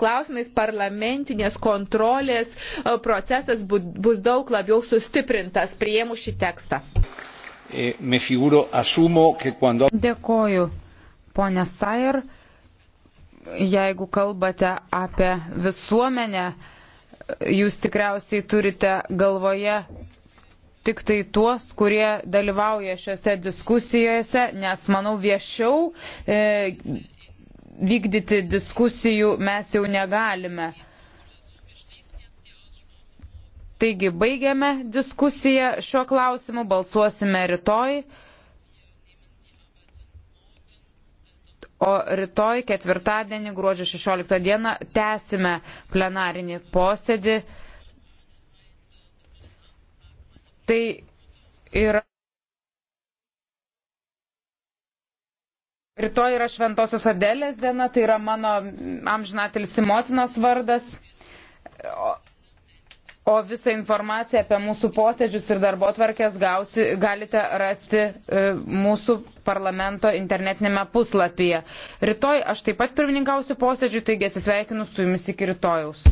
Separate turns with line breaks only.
klausimais parlamentinės kontrolės e, procesas bus daug labiau sustiprintas prieimu šį tekstą. E, Dėkoju, ponė Sair. Jeigu kalbate apie visuomenę, jūs tikriausiai turite galvoje tik tai tuos, kurie dalyvauja šiuose diskusijose, nes, manau, viešiau e, vykdyti diskusijų mes jau negalime. Taigi baigiame diskusiją šiuo klausimu, balsuosime rytoj. O rytoj, ketvirtadienį, gruodžio 16 dieną, tęsime plenarinį posėdį. Tai yra. Rytoj yra Šventosios Adelės diena, tai yra mano amžinatilsi motinos vardas. O, o visą informaciją apie mūsų posėdžius ir darbo tvarkės gausi, galite rasti e, mūsų parlamento internetinėme puslapyje. Rytoj aš taip pat pirmininkausiu posėdžiu, taigi atsisveikinu su jumis iki rytojaus.